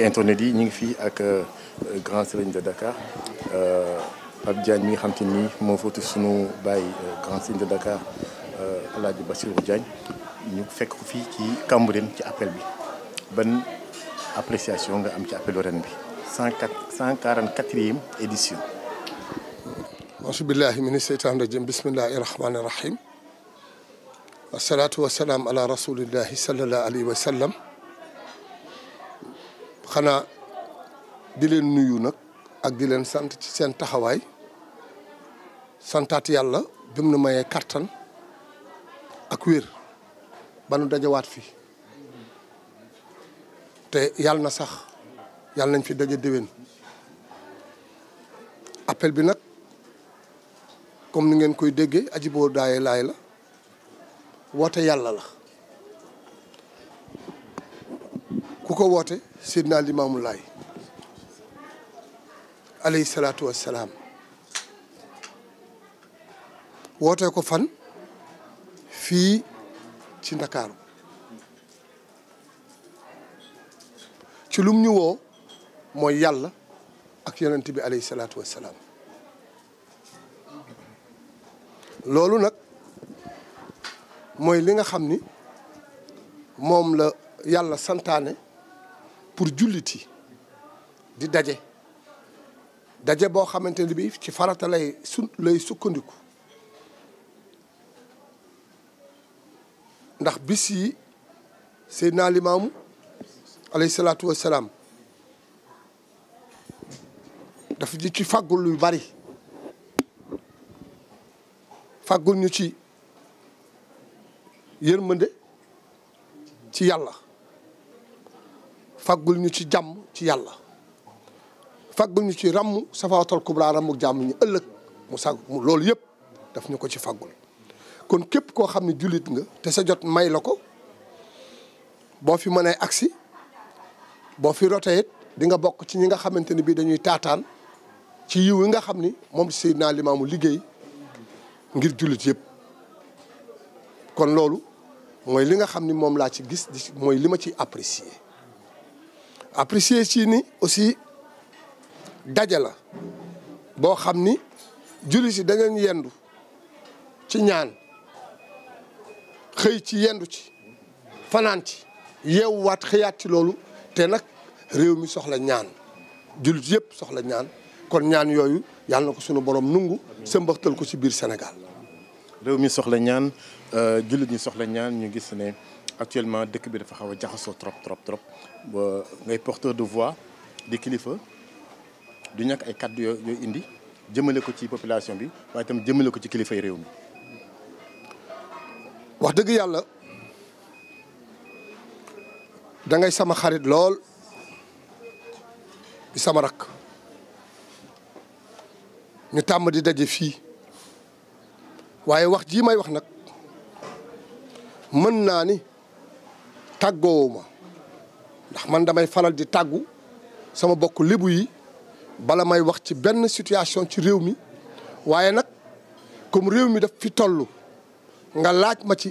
mbokki internet yi ñu ngi fii ak euh, grand serigne de Dakar euh, Pape Diagne mi nga xam te ni moo fóotu sunu baay euh, grand serigne de Dakar El Hadj Bassirou Diagne ñu fekk ko ci Cambérène ci appel bi ban appréciation nga am ci appelu ren bi cent quatre cent quarante quatrième édition. asubillahi mina seytaan rajim bismillahi rahmaani rahim. wasalaatu wasalaam ala rasulillahi sallallahu alayhi xanaa di leen nuyu nag ak di leen sant ci seen taxawaay santaat yàlla bi mu na mayee kattan ak wér ba nu dajawaat fi te yàlla na sax yàlla nañ fi daje déwén appel bi nag comme ni ngeen koy déggee aji boo daaye laay la woote yàlla la ko woote Seydina Limaamu Laay alayhi salaatu wassalaam wootee ko fan fii ci Ndakaaru ci lum ñu woo mooy yàlla ak yonent bi alayhi salaatu wassalaam loolu nag mooy li nga xam ni moom la yàlla santaane pour julliti di daje daje boo xamante ne bi ci farata lay su lay sukkandiku ndax bis yi Seydina Limaamu alayhi salaatu wa salaam daf ñu ci fàggul lu bari fàggul ñu ci yërmande ci yàlla faggul ñu ci jàmm ci yàlla faggul ñu ci ràmm safaatal kubra ràmmuk jàmm ñu ëllëg mu sag loolu yëpp daf ñu ko ci faggul kon képp koo xam ne jullit nga te sa jot may la ko boo fi mënee agsi boo fi rotee it di nga bokk ci ñi nga xamante ni bii dañuy taataan ci yiw yi nga xam ni moom si Seydina Limaamu liggéey ngir jullit yëpp kon loolu mooy li nga xam ni moom laa ci gis di mooy li ma ciy apprécier apprécier ci ni aussi daje la boo xam ni julli yi da ngeen yendu ci ñaan xëy ci yendu ci fanaan ci yeewuwaat xëyaat ci loolu te nag réew mi soxla ñaan jullit yëpp soxla ñaan kon ñaan yooyu yàlla na ko sunu borom nungu sëmbaxtal ko ci biir Sénégal réew mi soxla ñaan euh, jullit ñi soxla ñaan ñu gis ne actuellement dëkk bi dafa xaw a jaxasoo trop trop trop ba ngay porteur de voix di kilifa du ñàkk ay kàddu yoo yooyu indi jëmale ko ci population bi waaye itam jëmale ko ci kilifay réew mi. wax dëgg yàlla dangay sama xarit lool di sama rakk ñu tàmm di daje fii waaye wax ji may wax nag mën naa ni. tàggoowuma ndax man damay faral di tàggu sama bokk lébu yi bala may wax ci benn situation ci réew mi waaye nag comme réew mi daf fi tollu nga laaj ma ci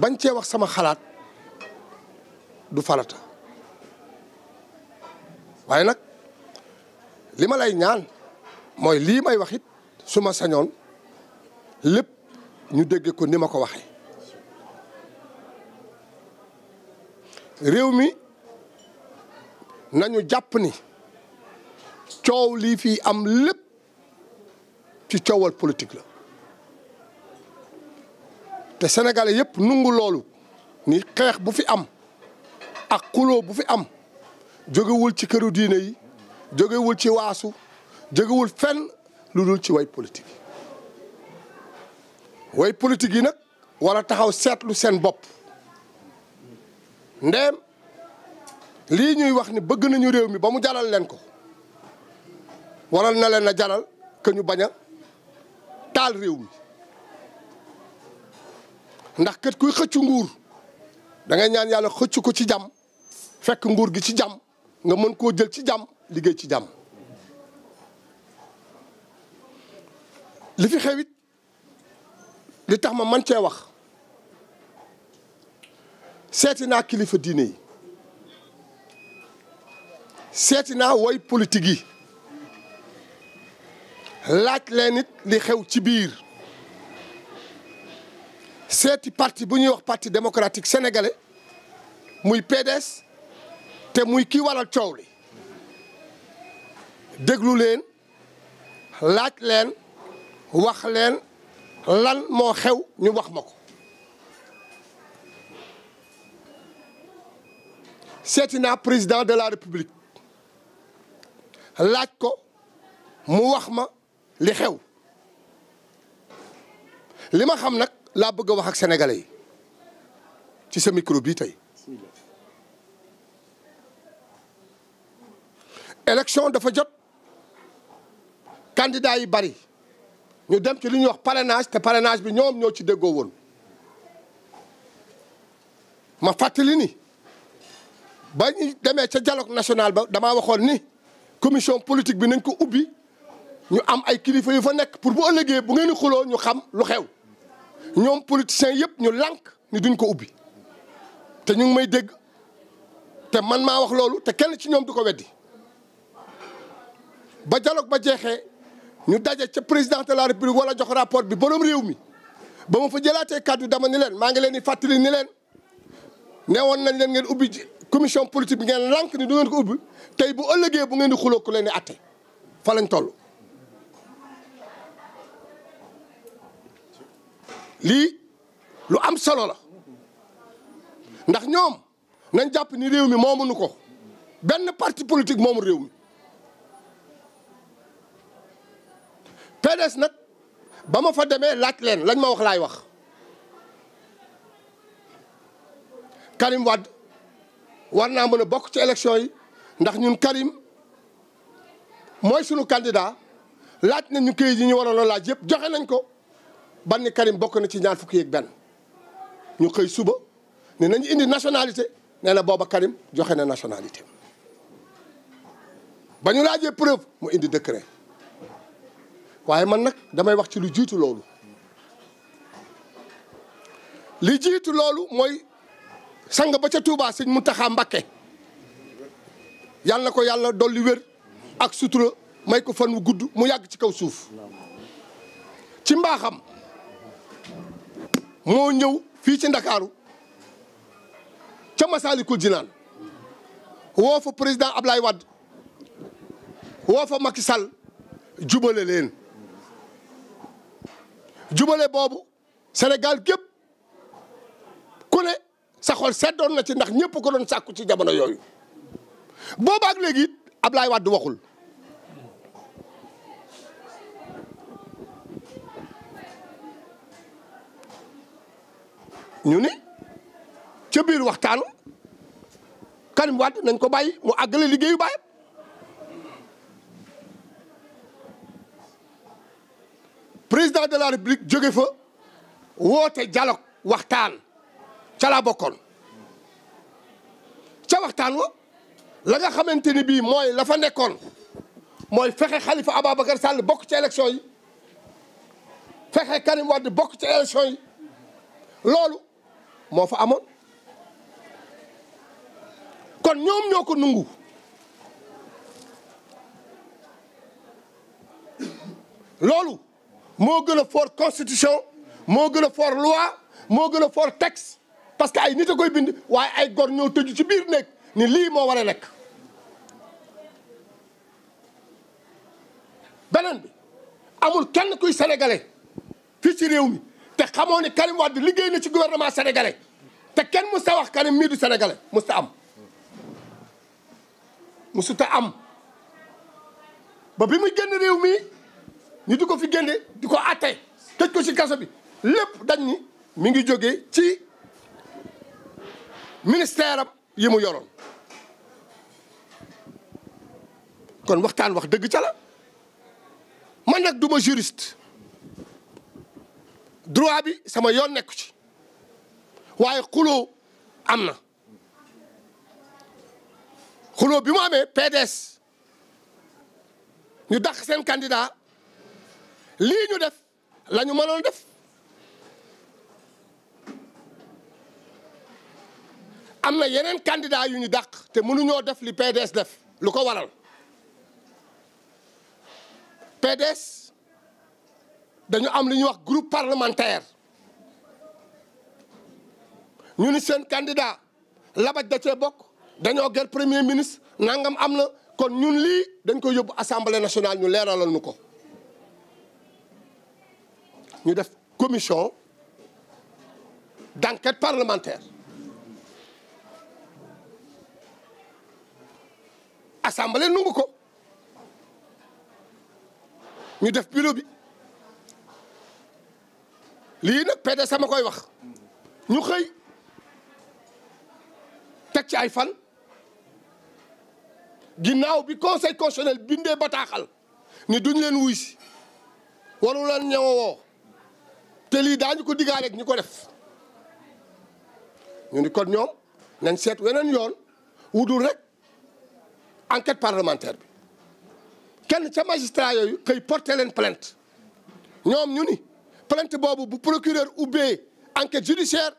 bañ cee wax sama xalaat du farata waaye nag li ma lay ñaan mooy lii may waxit it su ma sañoon lépp ñu dégg ko ni ma ko waxee réew mi nañu jàpp ni coow lii fi am lépp ci coowal politik la te sénégalais yëpp nungu loolu ni xeex bu fi am ak xuloo bu fi am jógewul ci këru diine yi jógewul ci waasu jógewul fenn lu dul ci way politique way politique yi nag war taxaw seetlu seen bopp ndeem lii ñuy wax ni bëgg nañu réew mi ba mu jaral leen ko waral na leen a jaral que ñu bañ a taal réew mi ndax kët kuy xëccu nguur dangay ñaan yàlla xëccu ko ci jàmm fekk nguur gi ci jàmm nga mën koo jël ci jàmm liggéey ci jàmm li fi xewit di tax ma man cee wax seeti naa kilifa diine yi seeti naa woy politique yi laaj leen it li xew ci biir seeti parti bu ñuy wax parti démocratique sénégalais muy PDS te muy kii waral coow li déglu leen laaj leen wax leen lan moo xew ñu wax ma ko seeti naa président de la république laaj ko mu wax ma li xew li ma xam nag laa bëgg a wax ak sénégalais ci sa micro tey. élection dafa jot candidat yi bari ñu dem ci lu ñu wax parrainage te parrainage bi ñoom ñoo ci déggoo woon ma fàttali ni. ba ñu demee ca dialogue national ba damaa waxoon ni commission politique bi nañ ko ubbi ñu am ay kilifa yu fa nekk pour bu ëllëgee bu ngeen di xuloo ñu xam lu xew ñoom politiciens yëpp ñu lànk ni duñ ko ubbi te ñu ngi may dégg te man maa wax loolu te kenn ci ñoom du ko weddi ba dialogue ba jeexee ñu daje ca président de la république wala jox rapport bi borom réew mi ba ma fa jëlaatee kàddu dama ni leen maa ngi leen di fàttali ni leen newoon nañ leen ngeen ubbi commision politique bi ngeen lànk ni du ngeen ko ubbi tey bu ëllëgee bu ngeen di xuloo ku leen di atte fa lañ toll. lii lu am solo la ndax ñoom nañ jàpp ni réew mi nu ko benn parti politik moomu réew mi. PDS nag ba ma fa demee laaj leen lañ ma wax laay wax Karim Wade. war naa mën a bokk ci élection yi ndax ñun Karim mooy sunu candidat laaj na ñu këyit yi ñu waroon laaj yëpp joxe nañ ko ban ni Karim bokk na ci ñaan fukki yeeg benn ñu xëy suba ne nañu indi nationalité nee booba Karim joxe na nationalité ba ñu laajee preuve mu indi décret waaye man nag damay wax ci lu jiitu loolu li jiitu loolu mooy sang ba ca Touba sëñ Muntaxa Mbakke yal na ko yàlla dolli wér ak sutura may ko fan wu gudd mu yàgg ci kaw suuf ci mbaaxam moo ñëw fii ci Ndakaaru ca Masaalikul Jinaan woo fa président Ablaye Wade woo fa Macky Sall jubale leen jubale boobu Sénégal gépp xool seddoon na ci ndax ñëpp ko doon sàkku ci jamono yooyu booba ak léegi it Ablaye Wade waxul ñu ni ca biir waxtaan Karim Wade nañ ko bàyyi mu àggale liggéeyu baayam président de la république jóge fa woote dialogue waxtaan ca laa waxtaan wa la nga xamante ni bii mooy la fa nekkoon mooy fexe Khalifa Ababacar Sall bokk ci élection yi fexe Karim Wade bokk ci élection yi loolu moo fa amoon kon ñoom ñoo ko nungu loolu moo gën a fort constitution moo gën a fort loi moo gën a fort texte parce que ay nit a koy bind waaye ay gor ñoo tëju ci biir nekk ni lii moo war a nekk beneen bi amul kenn kuy sénégalais fii ci réew mi te xamoo ni Karim Wade liggéey na ci gouvernement sénégalais te kenn mus ta wax Karim mii du sénégalais mus am musu am ba bi muy génn réew mi ñu di ko fi génne di ko atte tëj ko ci kaso bi lépp dañ ni mi ngi jóge ci ministère am yi mu yoroon kon waxtaan wax dëgg cala la man nag du ma juriste droit bi sama yoon nekku ci waaye xuloo am na xuloo bi mu amee PDS ñu dàq seen candidat lii ñu def la ñu mënoon def am na yeneen candidat yu ñu dàq te mënuñoo def li PDS def lu ko waral PDS dañu am lu ñuy wax groupe parlementaire ñu ni seen candidat labaj da cee bokk dañoo ger premier ministre nangam am na kon ñun lii dañ koy yóbbu assemblée nationale ñu leeralal ñu ko ñu def commission d'enquête parlementaire assemblée nungu ko ñu def bureau bi lii nag PDS sama koy wax ñu xëy teg ci ay fan ginnaaw bi conseil constitutionnel bindee bataaxal ni duñ leen wuy si waru leen te lii daañu ko diggaaleeg ñu ko def ñu ni kon ñoom nañ seet weneen yoon wudul rek enquête parlementaire bi kenn ca magistrat yooyu xëy porté leen plainte ñoom ñu ni plainte boobu bu procureur ubbee enquête judiciaire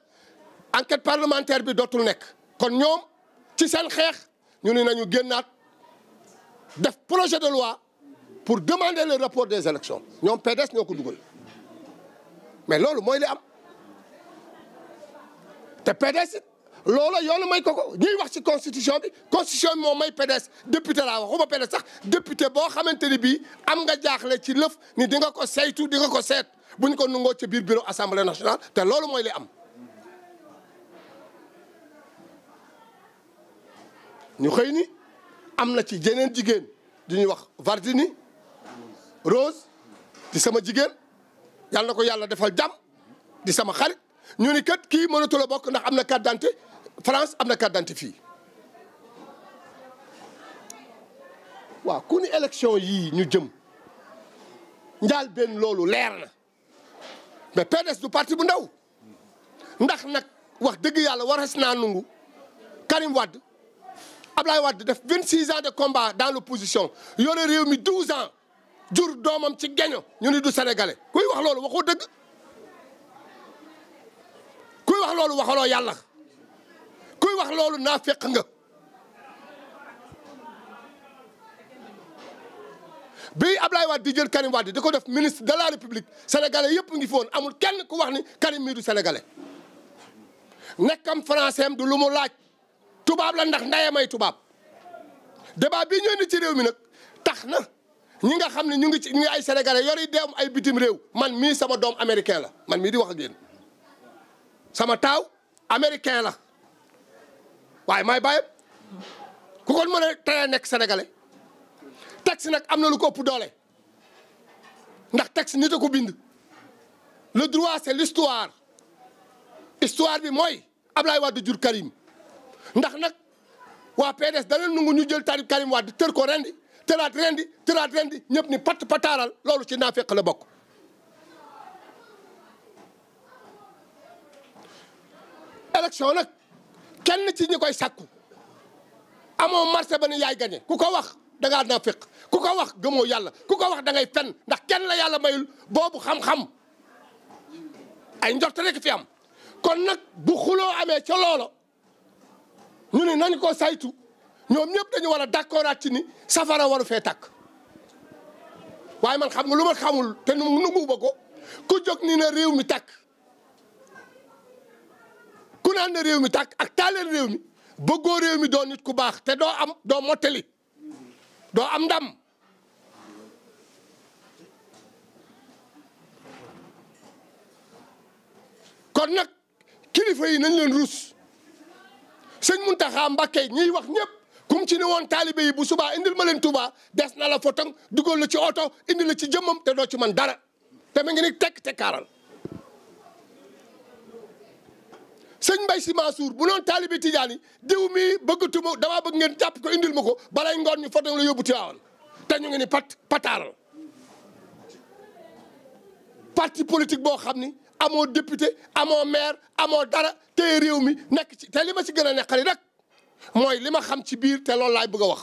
enquête parlementaire bi dootul nekk kon ñoom ci seen xeex ñu ni nañu génnaat def projet de loi pour demander le report des élections ñoom PDS ñoo ko dugal mais loolu mooy li am te PDS loola yoonu may ko ko ñuy wax ci constitution bi constitution moo may PDS député laa waxuma PDS sax député boo xamante ni bii am nga jaaxle ci lëf ni di nga ko saytu di nga ko seet bu ñu ko nungoo ci biir bureau assemblée nationale te loolu mooy li am. ñu xëy ni am na ci jeneen jigéen du wax Vardini Rose di sama jigéen yàlla na ko yàlla defal jàmm di sama xarit ñu ni kat kii mënatul a bokk ndax am na carte France am na carte d'identité waaw ku ni élection yii ñu jëm njaal benn loolu leer na mais PDS du parti bu ndaw ndax nag wax dëgg yàlla waras naa nungu Karim Wade Ablaye Wade def vingt six ans de combat dans l'opposition yore réew mi douze ans jur doomam ci geño ñu ni du sénégalais kuy wax loolu waxoo dëgg kuy wax loolu waxaloo yàlla kuy wax loolu naa feq nga bi Ablaye Wade di jël Karim Wade di ko def ministre de la République sénégalais yëpp ngi fi woon amul kenn ku wax ni Karim miiru du sénégalais nekkam français am du lu mu laaj tubaab la ndax ay tubaab débat bii ñëw ni ci réew mi nag tax na ñi nga xam ne ñu ngi ci ñu ay sénégalais yori deem ay bitim réew man mii sama doom américain la man mii di wax ak yéen sama taaw américain la waaye maay bàyyam ku kon mën a teree nekk sénégalais texte nag am na lu ko ëpp doole ndax texte nit a ko bind le droit c'est l'histoire histoire bi mooy Ablaye Wade jur Karim ndax nag waa PDS dana nungu ñu jël tarib Karim Wade tër ko rendi tëraat rendi tëraat rendi ñëpp ni pat pataaral loolu ci naafeq la bokk élection nag kenn ci ñi koy sàkku amoo marché ba ni yaay gañe ku ko wax danga ngaa naa féq ku ko wax gëmoo yàlla ku ko wax da ngay fen ndax kenn la yàlla mayul boobu xam-xam ay njort rek fi am kon nag bu xuloo amee ca loola ñu ne nañ ko saytu ñoom ñëpp dañu war a d'accordaat ci ni safara waru fee takk waaye man xam nga lu ma xamul te nu nanguwuma ko ku jog ni ne réew mi tàkk ku naan réew mi tàkk ak taaleen réew mi bëggoo réew mi doon nit ku baax te doo am doo mottali doo am ndam kon nag kilifa yi nañ leen ruus sëñ Muntaxa Mbàkke ñiy wax ñëpp kum ci ne woon taalibe yi bu subaa indil ma leen Tuuba des na la fotoŋ dugal la ci oto indi la ci jëmmam te doo ci man dara te ma ngi ni tekk kaaral sëñ Mbaye Sy Mansour bu noon taalibi Tidiane yi diw mii bëggatuma damaa bëgg ngeen jàpp ko indil ma ko balay ngoon ñu foto la yóbbu Tiwaawan te ñu ngi ni pat pataaral parti politique boo xam ni amoo député amoo maire amoo dara te réew mi nekk ci te li ma ci gën a neqali rek mooy li ma xam ci biir te loolu laay bëgg a wax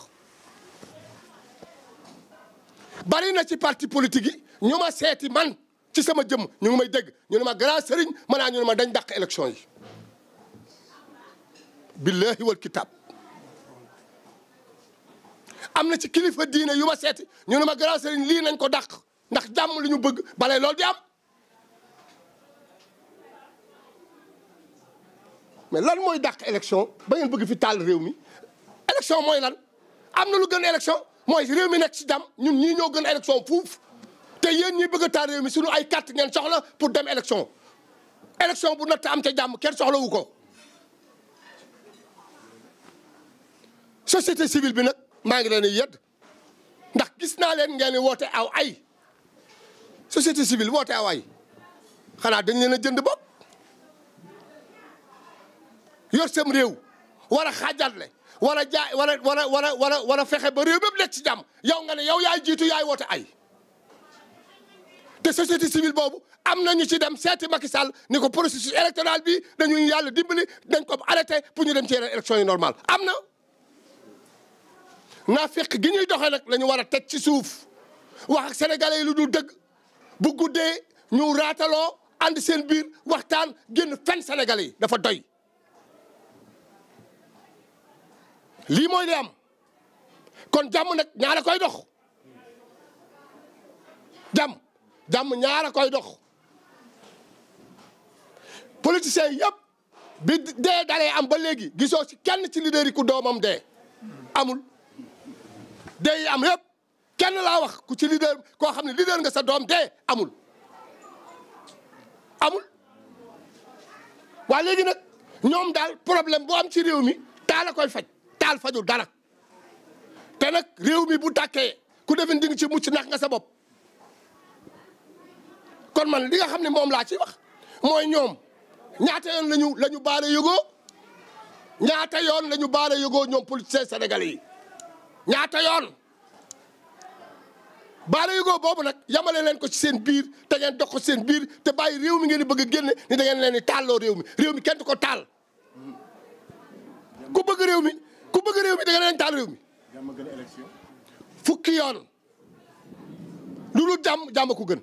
bari na ci parti politique yi ñu ma seeti man ci sama jëm ñu ngi may dégg ñu ne ma grand sëriñ ma naa ñu ne ma dañ dàq élection yi billaahi wal kitaab am na ci kilifa diine yu ma seet ñu ne ma grand sëriñ lii nañ ko dàq ndax jàmm li ñu bëgg bale loolu di am mais lan mooy dàq élection ba ngeen bëgg fi taal réew mi élection mooy lan am na lu gën élection mooy réew mi nekk ci jàmm ñu ñii ñoo gën élection fuuf te yeen ñi bëgg a taal réew mi suñu ay carte ngeen soxla pour dem élection élection bu natt am ca jàmm kenn soxlawu ko société civile bi nag maa ngi leen di yedd ndax gis naa leen ngeen woote aw ay société civile woote aw ay xanaa dañ leen a jënd bopp yor sam réew war a le war a jaay war a war a a war a fexe ba réew mépp nekk ci jàmm yow nga ne yow yaay jiitu yaay woote ay te société civile boobu am na ñu ci dem seeti Macky Sall ni ko processus électoral bi dañuy yàlla dimbali dañ ko arrêté pour ñu dem ci yeneen élection yi normal am na naa fekk gi ñuy doxee nag la ñu war a teg ci suuf wax ak lu dul dëgg bu guddee ñu raataloo ànd seen biir waxtaan génn fenn sénégalais yi dafa doy. lii mooy li am kon jàmm nag ñaara koy dox jàmm jàmm ñaara koy dox politiciens yëpp bi dee dalee am ba léegi gisoo ci kenn ci leader yi ku doomam dee amul. dee am yëpp kenn laa wax ku ci leader koo xam ne leader nga sa doom dee amul amul waa léegi nag ñoom daal problème boo am ci réew mi taal koy faj taal fajul dara te nag réew mi bu tàkkee ku defin di ci mucc nax nga sa bopp kon man li nga xam ne moom laa ci wax mooy ñoom ñaata yoon lañu la ñu baale yëgoo ñaata yoon la ñu baale yëgoo ñoom politiciens sénégalais yi ñaata yoon baara yëgoo boobu nag yamale leen ko ci seen biir te ngeen dox ko seen biir te bàyyi réew mi ngeen di bëgg a génne ni da ngeen leen di taalloo réew mi réew mi kenn du ko taal ku bëgg réew mi ku bëgg réew mi da ngeen leen taal réew mi fukki yoon lu lu jàmm jàmm ku gën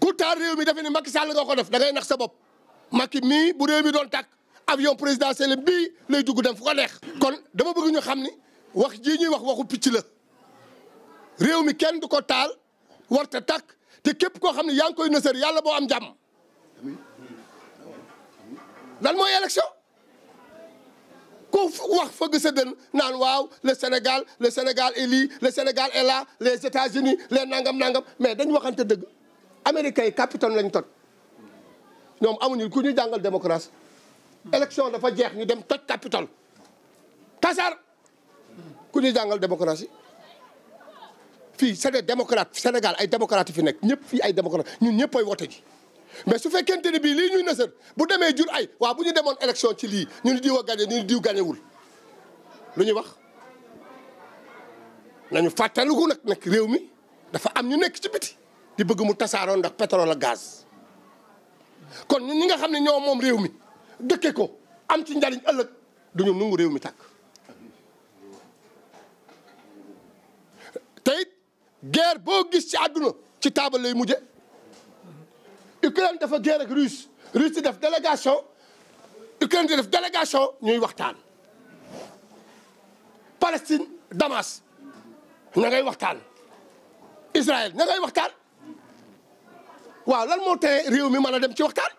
ku taal réew mi dafa ni Macky Sall nga ko def da ngay nax sa bopp Macky mii bu réew mi doon tàkk avion présidentiel bi lay dugg dem fu ko neex. kon dama bëgg ñu xam ni wax jii ñuy wax waxu picc la réew mi kenn du ko taal warte takk te képp koo xam ne yaa ngi koy nësër yàlla boo am jàmm lan mooy élection ku wax fëgg sa dën naan waaw le Sénégal le Sénégal est lii le Sénégal est là les États-Unis les nangam nangam mais dañ waxante dëgg américains yi capitaine lañ tot ñoom amuñu ku ñuy jàngal démocratie élection dafa jeex ñu dem toj capital tasar ku ñuy jàngal démocratie fii c'est des démocrates Sénégal ay démocrates fi nekk ñëpp fii ay démocrates ñun ñëpp ay wote ji mais su fekkente ne bii lii ñuy nësër bu demee jur ay waa bu ñu demoon élection ci lii ñu ni diw a gagné ñu ni lu ñuy wax nañu fàttaliku nag nag réew mi dafa am ñu nekk ci biti di bëgg mu tasaaroon ndax pétrole ak gaz kon ñun ñi nga xam ne ñoo moom réew mi dëkke ko am ci njariñ ëllëg duñu nungu réew mi takk te it guerre boo gis ci àdduna ci taabal lay mujje Ukraine dafa guerre ak Russe Russe di def délégation Ukraine di def délégation ñuy waxtaan Palestine Damas na ngay waxtaan Israël na ngay waxtaan waaw lan moo tee réew mi mën a dem ci waxtaan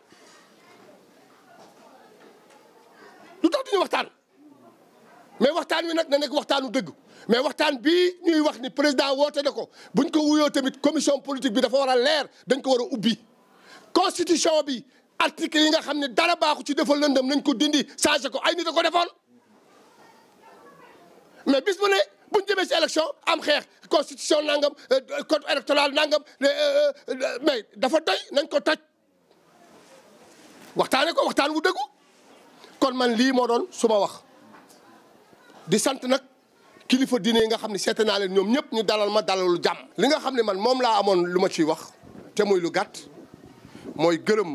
ñu waxtaan mais waxtaan wi nag na nekk waxtaanu dëgg mais waxtaan bii ñuy wax ni président woote na ko buñ ko wuyoo tamit commission politique bi dafa war a leer dañ ko war a ubbi constitution bi article yi nga xam ne dara baaxu ci defal lëndëm nañ ko dindi changé ko ay nit a ko defoon mais bis bu ne buñ jëmee si élection am xeex constitution nangam euh, code électoral nangam euh, euh, mais dafa doy nañ ko toj waxtaane ko waxtaan wu dëggu kon man lii moo doon su ma wax di sant nag kilifa diine yi nga xam ne seete naa leen ñoom ñëpp ñu dalal ma dalalu jàmm. li nga xam ne man moom laa amoon lu ma ciy wax te muy lu gàtt mooy gërëm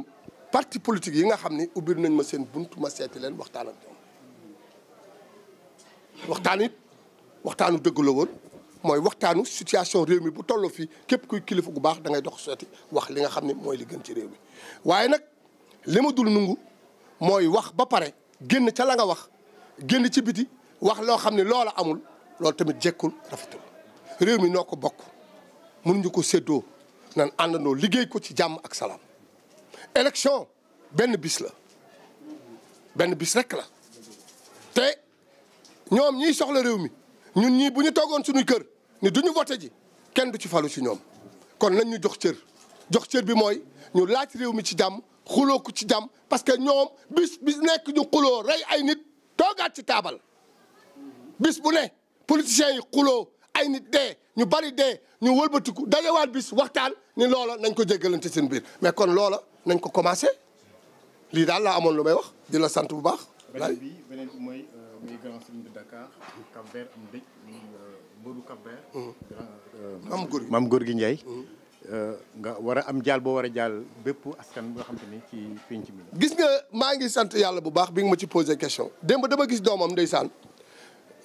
parti politique yi nga xam ni ubbir nañ ma seen bunt ma seeti leen waxtaan ak ñoom waxtaan it waxtaanu dëgg la woon mooy waxtaanu situation réew mi bu tolloo fii képp kuy kilifa gu baax da ngay dox seeti wax li nga xam ne mooy li gën ci réew mi waaye nag li ma dul mooy wax ba pare génn ca la nga wax génn ci biti wax loo xam ne loola amul loolu tamit jekkul rafetul réew mi noo ko bokk mënuñu ko séddoo nan àndandoo liggéey ko ci jàmm ak salaam. élection benn bis la benn bis rek la te ñoom ñiy soxla réew mi ñun ñii bu ñu toogoon suñuy kër ni duñu voté ji kenn du ci falu ci ñoom kon nañ jox cër jox cër bi mooy ñu laaj réew mi ci jàmm. xuloo ko ci jàmm parce que ñoom bis bis nekk ñu xuloo rey ay nit toogaat ci taabal bis bu ne politiciens yi xuloo ay nit dee ñu bari de ñu wëlbatiku dajewaat bis waxtaan ni loola nañ ko jéggalante seen biir mais kon loola nañ ko commencé lii daal laa amoon lu may wax di sant bu baax. beneen bi beneen bi mooy euh, muy grand serigne de Dakar Cap Vert Euh, nga war a am jaal boo war a jaal bépp askan bi nga xam te ni ci gis nga maa ngi sant yàlla bu baax bi nga ma ci posé question démb dama gis doomam saan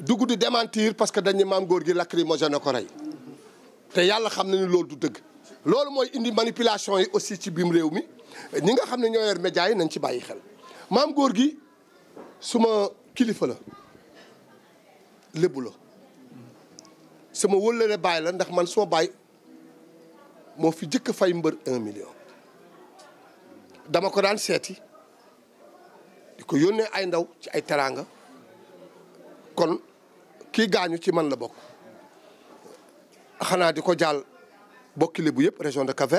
dugg di démentir parce que dañu maam góor gi lacrymogène na ko rey te yàlla xam nañu loolu du dëgg loolu mooy indi manipulation yi aussi ci biim réew mi ñi nga xam ne ñoo yor média yi nañ ci bàyyi xel maam góor gi suma kilifa la lébu la sama wëllëre baay la ndax man soo baay moo fi jëkk fay mbër un million dama ko daan seeti di ko yónnee ay ndaw ci ay teraanga kon kii gaañu ci man la bokk xanaa di ko jaal bokki Lebu yëpp région de cap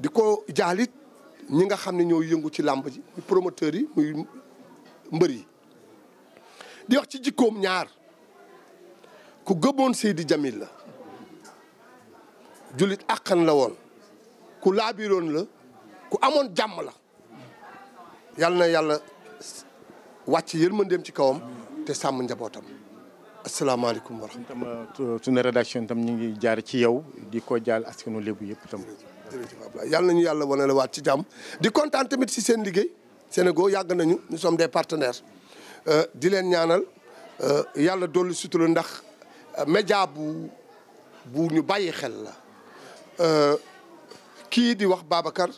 di ko jaalit ñi nga xam ne ñoo yëngu ci làmb ji muy promoteurs yi muy mbër yi di wax ci jikkoom ñaar ku gëboon Seydi Jamil la jullit àqan la woon ku laabiroon la ku amoon jàmm la yal na yàlla wàcc yërmandeem ci kawam te sàmm njabootam asalaamaaleykum wa rahmatulah. ne euh, rédaction tam ñu ngi jaar ci yow di ko jaal askanu lébu yëpp itam. jërëjëf yal nañu yàlla wane la waat ci jàmm di kontaan tamit si seen liggéey Sénégal yàgg nañu nous sommes des partenaires euh, di leen ñaanal euh, yàlla dolli sutura ndax média bu bu ñu bàyyi xel la. Euh, kii di wax Babacar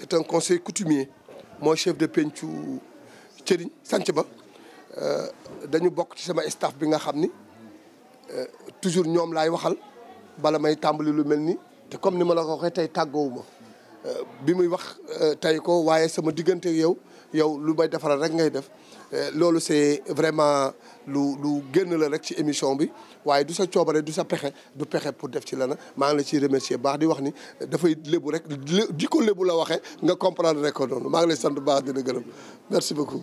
est un conseil coutumier mooy chef de pencu cëriñ sanc ba euh, dañu bokk ci sama staff bi nga xam ni euh, toujours ñoom laay waxal bala may tàmbali lu mel ni te comme ni ma la ko waxee tey tàggoowuma bi muy wax tey ko waaye sama diggante yow yow lu may defaral rek ngay def Euh, loolu c'est vraiment lu lu génn la rek ci émission bi waaye du sa coobare du sa pexe du pexe pour def ci lana maa ngi la ciy remercier baax di wax ni dafay lébu rek di ko lébu la waxee nga comprendre rek ko noonu maa ngi lay sant baax dina gërëm merci beaucoup.